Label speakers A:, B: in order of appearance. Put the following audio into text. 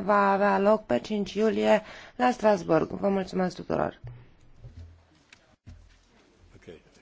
A: va avea loc pe 5 iulie la Strasbourg. Vă mulțumesc tuturor!